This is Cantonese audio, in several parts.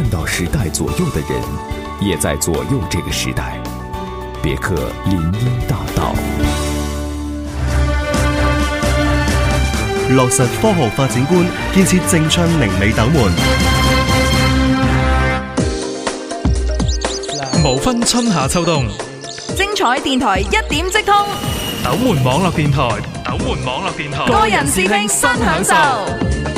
看到時代左右的人，也在左右這個時代。別克林蔭大道。落實科學發展觀，建設正春寧美斗門。無分春夏秋冬，精彩電台一點即通。斗門網絡電台，斗門網絡電台，個人視聽新享受。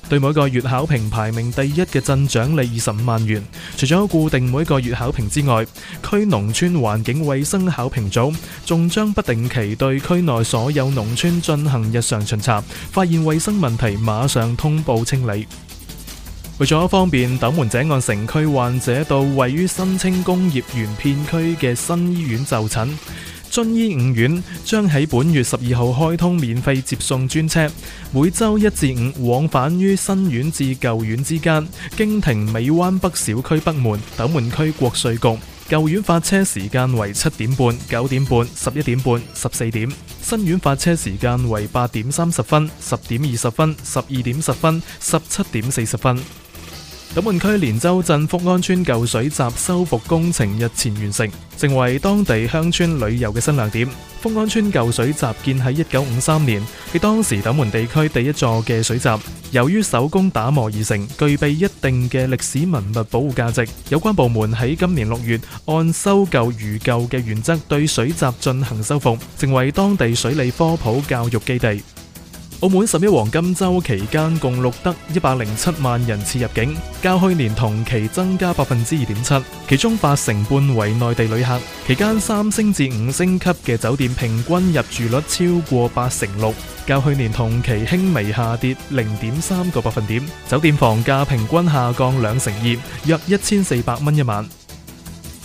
對每個月考評排名第一嘅鎮獎勵二十五萬元。除咗固定每個月考評之外，區農村環境衛生考評組仲將不定期對區內所有農村進行日常巡查，發現衛生問題馬上通報清理。為咗方便，斗門井岸城區患者到位於新青工業園片區嘅新醫院就診。遵醫五院將喺本月十二號開通免費接送專車，每周一至五往返於新院至舊院之間，經停美灣北小區北門、斗門區國稅局。舊院發車時間為七點半、九點半、十一點半、十四點；新院發車時間為八點三十分、十點二十分、十二點十分、十七點四十分。斗門區蓮洲鎮福安村舊水閘修復工程日前完成，成為當地鄉村旅遊嘅新亮點。福安村舊水閘建喺一九五三年，係當時斗門地區第一座嘅水閘。由於手工打磨而成，具備一定嘅歷史文物保護價值。有關部門喺今年六月，按修舊如舊嘅原則對水閘進行修復，成為當地水利科普教育基地。澳門十一黃金周期間共錄得一百零七萬人次入境，較去年同期增加百分之二點七，其中八成半為內地旅客。期間三星至五星級嘅酒店平均入住率超過八成六，較去年同期輕微下跌零點三個百分點，酒店房價平均下降兩成二，約一千四百蚊一晚。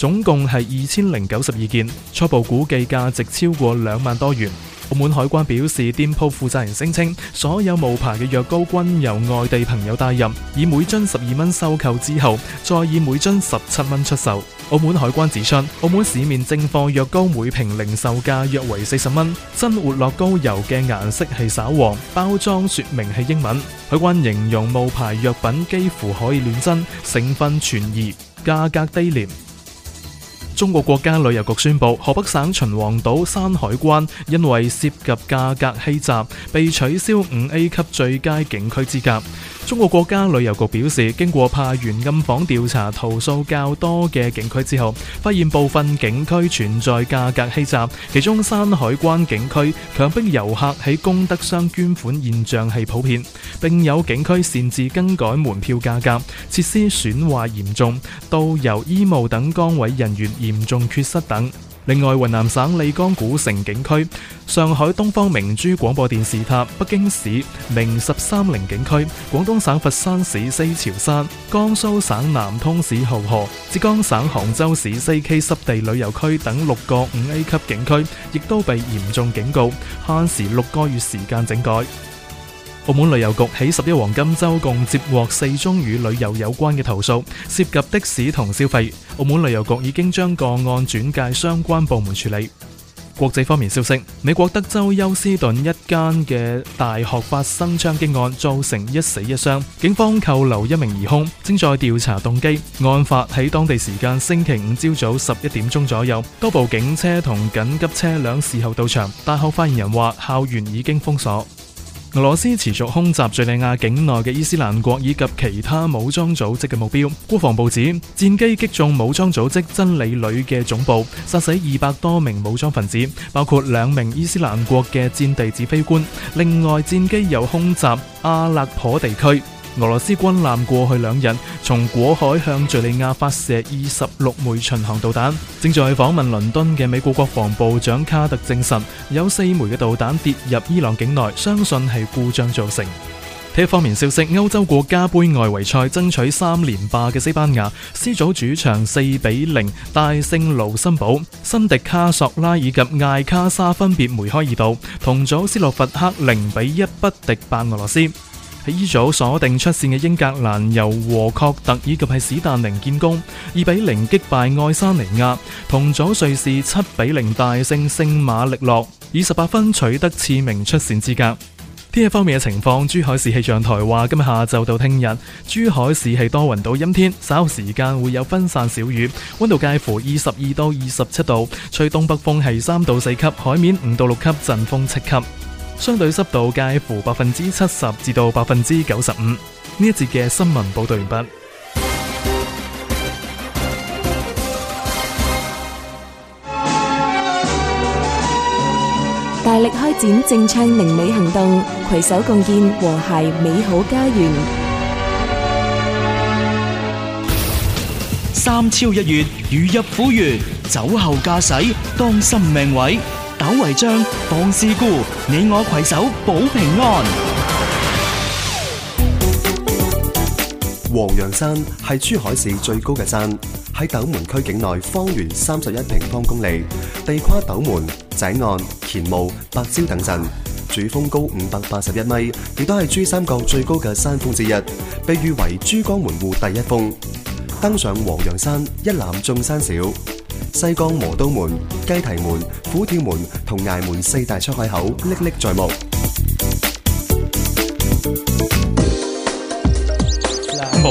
總共係二千零九十二件，初步估計價值超過兩萬多元。澳門海關表示，店鋪負責人聲稱所有冒牌嘅藥膏均由外地朋友帶入，以每樽十二蚊收購之後，再以每樽十七蚊出售。澳門海關指出，澳門市面正貨藥膏每瓶零售價約為四十蚊，真活樂高油嘅顏色係稍黃，包裝說明係英文。海關形容冒牌藥品幾乎可以亂真，成分存疑，價格低廉。中國國家旅遊局宣布，河北省秦皇島山海關因為涉及價格欺詐，被取消五 A 級最佳景區資格。中國國家旅遊局表示，經過派員暗訪調查投訴較多嘅景區之後，發現部分景區存在價格欺詐，其中山海關景區強迫遊客喺功德箱捐款現象係普遍，並有景區擅自更改門票價格、設施損壞嚴重、導遊、醫務等崗位人員嚴重缺失等。另外，雲南省麗江古城景區、上海東方明珠廣播電視塔、北京市明十三陵景區、廣東省佛山市西樵山、江蘇省南通市濠河、浙江省杭州市西溪濕地旅遊區等六個五 A 級景區，亦都被嚴重警告，限時六個月時間整改。澳門旅遊局喺十一黃金周共接獲四宗與旅遊有關嘅投訴，涉及的士同消費。澳門旅遊局已經將個案轉介相關部門處理。國際方面消息，美國德州休斯頓一間嘅大學發生槍擊案，造成一死一傷，警方扣留一名疑兇，正在調查動機。案發喺當地時間星期五朝早十一點鐘左右，多部警車同緊急車輛事後到場。大學發言人話，校園已經封鎖。俄羅斯持續空襲敘利亞境內嘅伊斯蘭國以及其他武裝組織嘅目標。國防部指，戰機擊中武裝組織真理旅嘅總部，殺死二百多名武裝分子，包括兩名伊斯蘭國嘅戰地指揮官。另外，戰機又空襲阿勒頗地區。俄羅斯軍艦過去兩日從果海向敘利亞發射二十六枚巡航導彈。正在訪問倫敦嘅美國國防部長卡特證實，有四枚嘅導彈跌入伊朗境內，相信係故障造成。另一方面消息，歐洲國家杯外圍賽爭取三連霸嘅西班牙，C 組主場四比零大勝盧森堡，辛迪卡索拉以及艾卡沙分別梅開二度。同組斯洛伐克零比一不敵白俄羅斯。喺依組鎖定出線嘅英格蘭，由和確特以及係史丹寧建功，二比零擊敗愛沙尼亞，同組瑞士七比零大勝聖馬力諾，以十八分取得次名出線資格。天氣方面嘅情況，珠海市氣象台話今日下晝到聽日，珠海市係多雲到陰天，稍後時間會有分散小雨，溫度介乎二十二到二十七度，吹東北風係三到四級，海面五到六級，陣風七級。相對濕度介乎百分之七十至到百分之九十五。呢一節嘅新聞報道完畢。大力開展正昌寧美行動，攜手共建和諧美好家園。三超一越，如入虎穴，酒後駕駛，當心命危。防違章，防事故，你我攜手保平安。黃楊山係珠海市最高嘅山，喺斗門區境內，方圓三十一平方公里，地跨斗門、井岸、乾務、白蕉等鎮，主峰高五百八十一米，亦都係珠三角最高嘅山峰之一，被譽為珠江門戶第一峰。登上黃楊山，一覽眾山小。西江磨刀門、雞啼門、虎跳門同崖門四大出海口歷歷在目，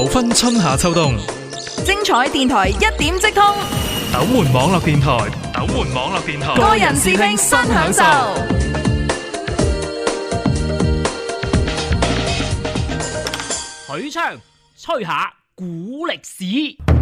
無分春夏秋冬。精彩電台一點即通，斗門網絡電台，斗門網絡電台，個人視聽新享受。許昌吹下古歷史。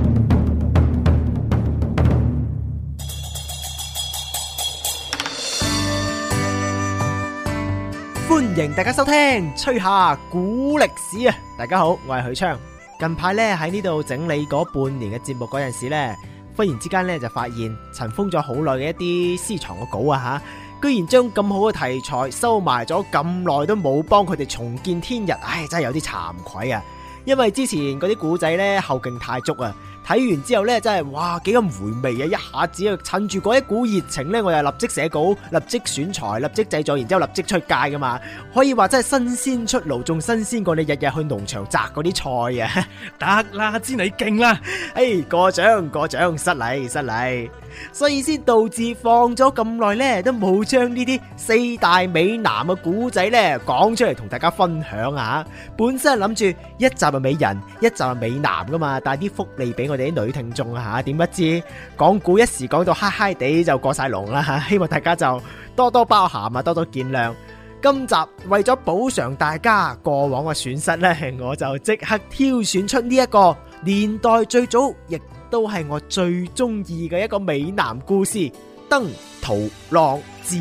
歡迎大家收聽《吹下古歷史》啊！大家好，我係許昌。近排咧喺呢度整理嗰半年嘅節目嗰陣時咧，忽然之間咧就發現塵封咗好耐嘅一啲私藏嘅稿啊吓，居然將咁好嘅題材收埋咗咁耐，都冇幫佢哋重見天日，唉，真係有啲慚愧啊！因為之前嗰啲古仔咧後勁太足啊！睇完之後呢，真係哇幾咁回味啊！一下子啊，趁住嗰一股熱情呢，我又立即寫稿、立即選材、立即製作，然之後立即出街噶嘛！可以話真係新鮮出爐，仲新鮮過你日日去農場摘嗰啲菜啊！ 得啦，知你勁啦！誒，hey，過獎過獎，失禮失禮。所以先導致放咗咁耐呢，都冇將呢啲四大美男嘅古仔呢講出嚟同大家分享啊！本身係諗住一集係美人，一集係美男噶嘛，帶啲福利俾我。你女聽眾啊，吓，點不知講古一時講到嗨嗨地就過晒龍啦，希望大家就多多包涵啊，多多見諒。今集為咗補償大家過往嘅損失呢，我就即刻挑選出呢、這、一個年代最早，亦都係我最中意嘅一個美男故事《登徒浪子》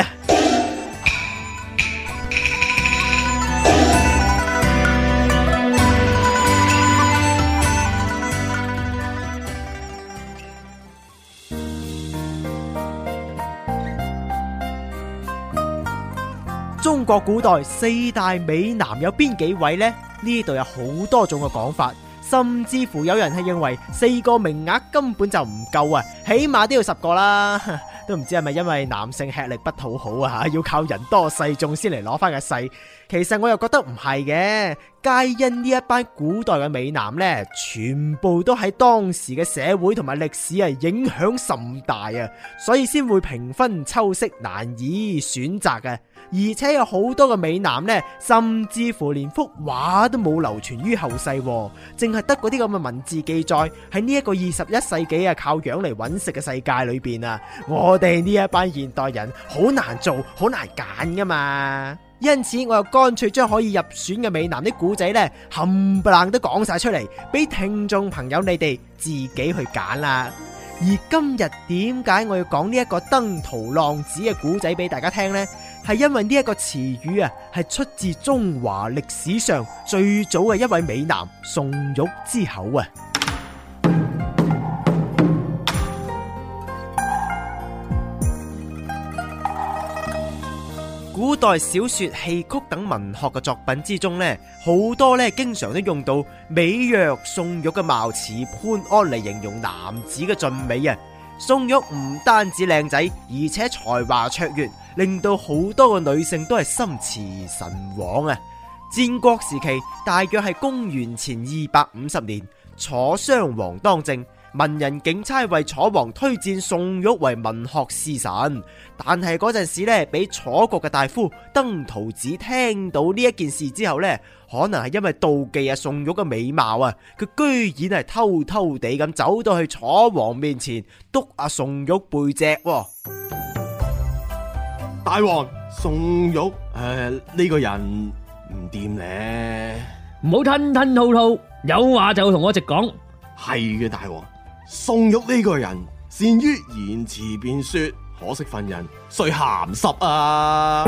啊！中國古代四大美男有邊幾位呢？呢度有好多種嘅講法，甚至乎有人係認為四個名額根本就唔夠啊，起碼都要十個啦。都唔知係咪因為男性吃力不討好啊？要靠人多勢眾先嚟攞翻個勢。其實我又覺得唔係嘅，皆因呢一班古代嘅美男呢，全部都喺當時嘅社會同埋歷史係影響甚大啊，所以先會平分秋色，難以選擇嘅。而且有好多嘅美男呢，甚至乎連幅畫都冇流傳於後世，淨係得嗰啲咁嘅文字記載。喺呢一個二十一世紀啊，靠樣嚟揾食嘅世界裏邊啊，我哋呢一班現代人好難做好難揀噶嘛。因此，我又乾脆將可以入選嘅美男啲古仔呢，冚唪唥都講晒出嚟，俾聽眾朋友你哋自己去揀啦。而今日點解我要講呢一個登徒浪子嘅古仔俾大家聽呢？係因為呢一個詞語啊，係出自中華歷史上最早嘅一位美男宋玉之口啊！古代小說、戲曲等文學嘅作品之中呢，好多呢經常都用到美若宋玉嘅、貌似潘安嚟，形容男子嘅俊美啊！宋玉唔單止靚仔，而且才華卓越。令到好多嘅女性都係心馳神往啊！戰國時期大約係公元前二百五十年，楚襄王當政，文人景差為楚王推薦宋玉為文學侍臣。但係嗰陣時呢，俾楚國嘅大夫登徒子聽到呢一件事之後呢，可能係因為妒忌啊宋玉嘅美貌啊，佢居然係偷偷地咁走到去楚王面前督阿、啊、宋玉背脊、啊。大王，宋玉誒呢、呃這個人唔掂咧，唔好吞吞吐吐，有話就同我直講。係嘅，大王，宋玉呢個人善於言辭便說，可惜份人衰咸濕啊！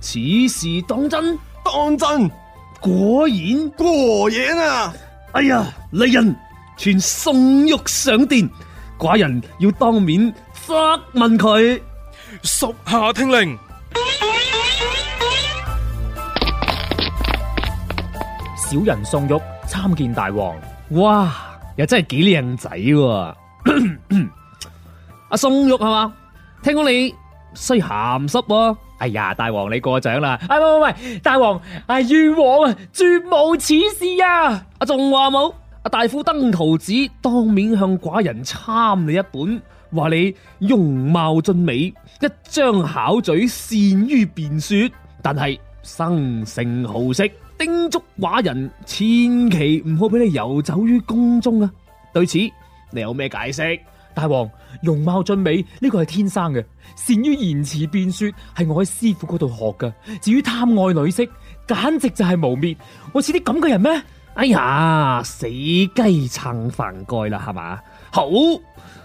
此事當真？當真？果然過嘢啦！哎呀，嚟人傳宋玉上殿，寡人要當面質問佢。屬下聽令。小人宋玉參見大王。哇，又真係幾靚仔。阿宋玉係嘛？聽講你衰咸濕。哎呀，大王你過獎啦。喂喂喂，大王，哎，冤枉啊，絕無此事呀。阿仲話冇？阿大夫登徒子當面向寡人參你一本。話你容貌俊美，一張巧嘴，善於辯說，但係生性好色，叮囑寡人，千祈唔好俾你遊走於宮中啊！對此，你有咩解釋？大王，容貌俊美呢個係天生嘅，善於言辭辯說係我喺師傅嗰度學噶。至於貪愛女色，簡直就係污蔑，我似啲咁嘅人咩？哎呀，死雞撐飯蓋啦，係嘛？好。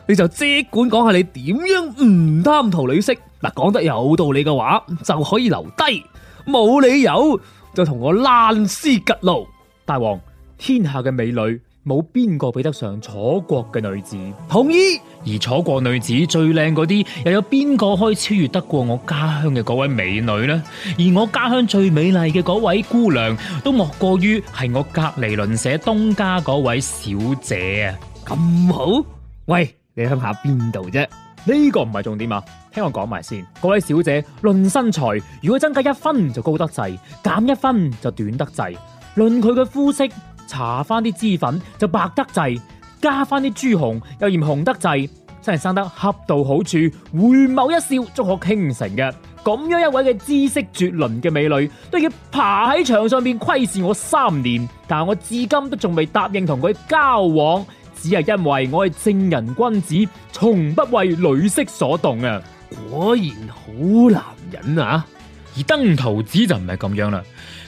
你就即管講下你點樣唔貪圖女色，嗱，講得有道理嘅話就可以留低，冇理由就同我爛屍吉路。大王，天下嘅美女冇邊個比得上楚國嘅女子，同意。而楚國女子最靚嗰啲，又有邊個可以超越得過我家鄉嘅嗰位美女呢？而我家鄉最美麗嘅嗰位姑娘，都莫過於係我隔籬鄰舍東家嗰位小姐啊！咁好，喂。你向下邊度啫？呢個唔係重點啊！聽我講埋先。各位小姐，論身材，如果增加一分就高得滯，減一分就短得滯；論佢嘅膚色，搽翻啲脂粉就白得滯，加翻啲朱紅又嫌紅得滯，真係生得恰到好處，回眸一笑足可傾城嘅。咁樣一位嘅姿色絕倫嘅美女，都要爬喺牆上面窺視我三年，但係我至今都仲未答應同佢交往。只係因為我係正人君子，從不為女色所動啊！果然好男人啊！而登徒子就唔係咁樣啦，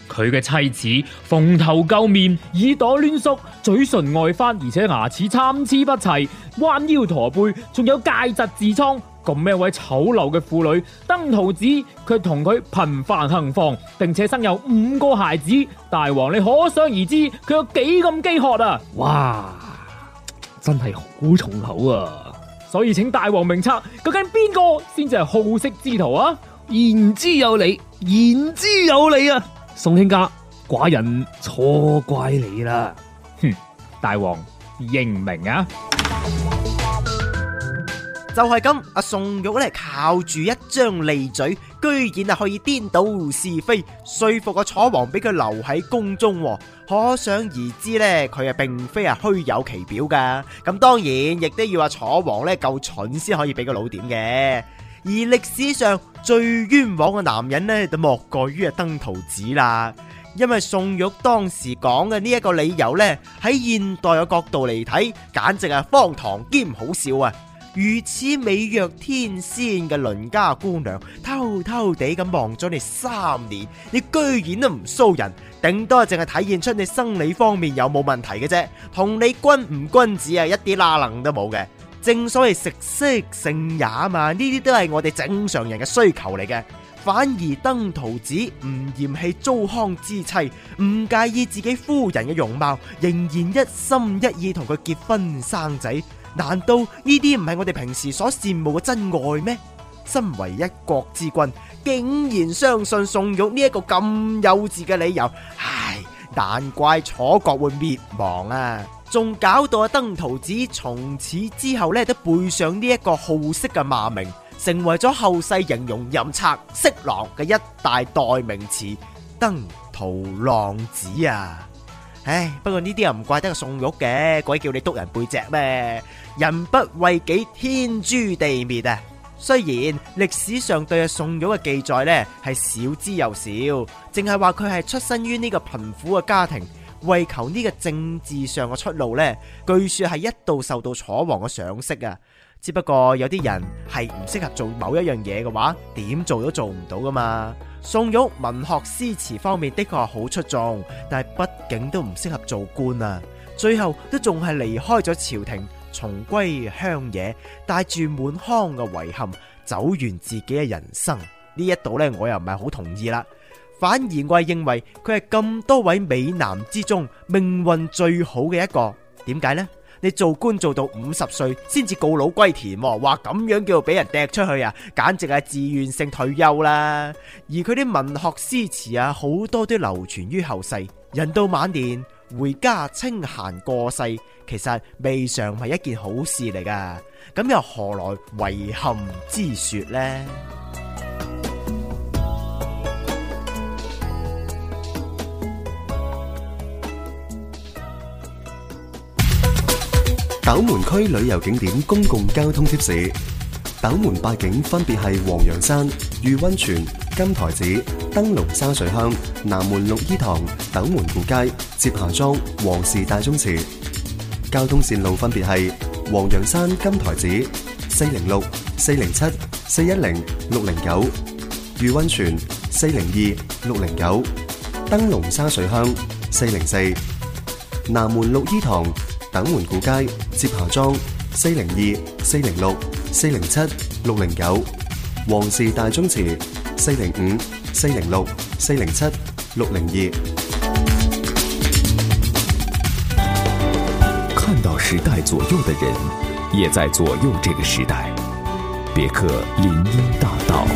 佢嘅妻子蓬頭垢面，耳朵攣縮，嘴唇外翻，而且牙齒參差不齊，彎腰駝背，仲有疥疾痔瘡，咁咩位醜陋嘅婦女？登徒子卻同佢頻繁行房，並且生有五個孩子。大王，你可想而知佢有幾咁飢渴啊！哇！真係好重口啊！所以請大王明察，究竟邊個先至係好色之徒啊？言之有理，言之有理啊！宋卿家，寡人錯怪你啦！哼，大王認唔明啊就是這樣！就係咁，阿宋玉咧靠住一張利嘴。居然係可以顛倒是非，說服個楚王俾佢留喺宮中，可想而知呢佢啊並非係虛有其表噶。咁當然亦都要話楚王呢夠蠢先可以俾個老點嘅。而歷史上最冤枉嘅男人呢，就莫過於係登徒子啦。因為宋玉當時講嘅呢一個理由呢，喺現代嘅角度嚟睇，簡直係荒唐兼唔好笑啊！如此美若天仙嘅鄰家姑娘，偷偷地咁望咗你三年，你居然都唔騷人，頂多淨係體現出你生理方面有冇問題嘅啫，同你君唔君子啊一啲啦能都冇嘅，正所謂食色性也嘛，呢啲都係我哋正常人嘅需求嚟嘅。反而登徒子唔嫌棄糟糠之妻，唔介意自己夫人嘅容貌，仍然一心一意同佢結婚生仔。難道呢啲唔係我哋平時所羨慕嘅真愛咩？身為一國之君，竟然相信宋玉呢一個咁幼稚嘅理由，唉，難怪楚國會滅亡啊！仲搞到阿登徒子從此之後呢，都背上呢一個好色嘅罵名。成為咗後世形容淫賊色狼嘅一大代名詞，登徒浪子啊！唉，不過呢啲又唔怪得宋玉嘅，鬼叫你督人背脊咩？人不為己，天誅地滅啊！雖然歷史上對阿宋玉嘅記載呢係少之又少，淨係話佢係出身於呢個貧苦嘅家庭，為求呢個政治上嘅出路呢，據說係一度受到楚王嘅賞識啊！只不過有啲人係唔適合做某一樣嘢嘅話，點做都做唔到噶嘛。宋玉文學詩詞方面的確好出眾，但係畢竟都唔適合做官啊。最後都仲係離開咗朝廷，重歸鄉野，帶住滿腔嘅遺憾，走完自己嘅人生。呢一度呢，我又唔係好同意啦。反而我係認為佢係咁多位美男之中命運最好嘅一個，點解呢？你做官做到五十歲先至告老歸田，話咁樣叫做俾人踢出去啊，簡直係自願性退休啦。而佢啲文學詩詞啊，好多都流傳於後世。人到晚年回家清閒過世，其實未嘗係一件好事嚟噶。咁又何來遺憾之說呢？斗門區旅遊景點公共交通貼士：斗門八景分別係黃楊山、御溫泉、金台子、燈籠沙水鄉、南門六一堂、斗門古街、接霞莊、黃氏大宗祠。交通線路分別係黃楊山、金台子、四零六、四零七、四一零、六零九、御溫泉、四零二、六零九、燈籠沙水鄉、四零四、南門六一堂。斗門古街、接霞莊、四零二、四零六、四零七、六零九、黃氏大宗祠、四零五、四零六、四零七、六零二。看到時代左右的人，也在左右這個時代。別克林蔭大道，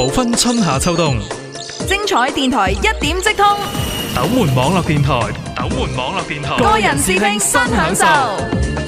無分春夏秋冬，精彩電台一點即通。斗門網絡電台，斗門網絡電台，個人視聽新享受。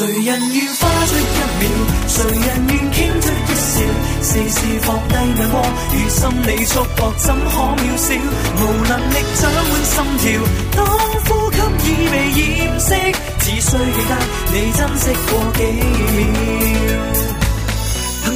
誰人願花出一秒？誰人願傾出一笑？時時放低眼光，如心理束縛，怎可渺小？無能力掌滿心跳，當呼吸已被掩飾，只需記得你珍惜過幾秒。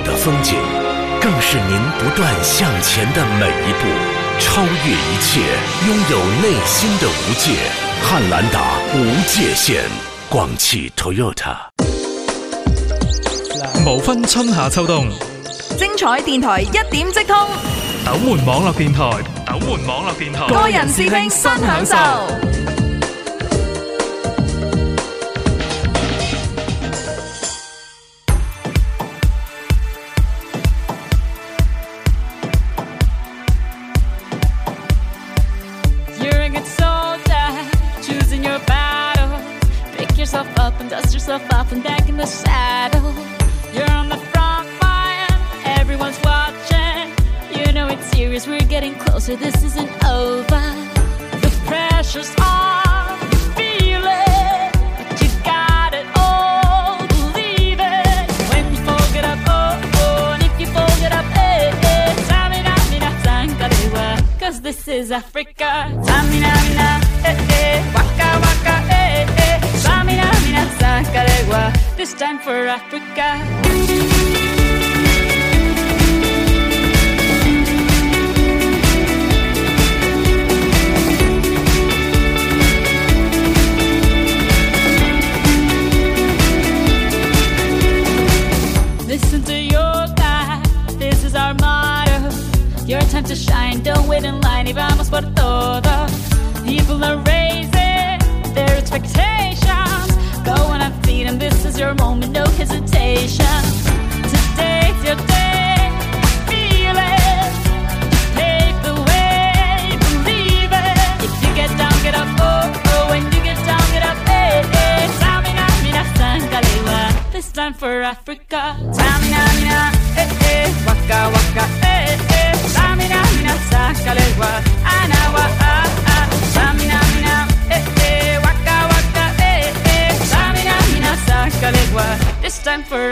的風景，更是您不斷向前的每一步，超越一切，擁有內心的無界。漢蘭達無界限，廣汽 Toyota。無分春夏秋冬，精彩電臺一點即通。斗門網絡電臺，斗門網絡電臺，個人視聽新享受。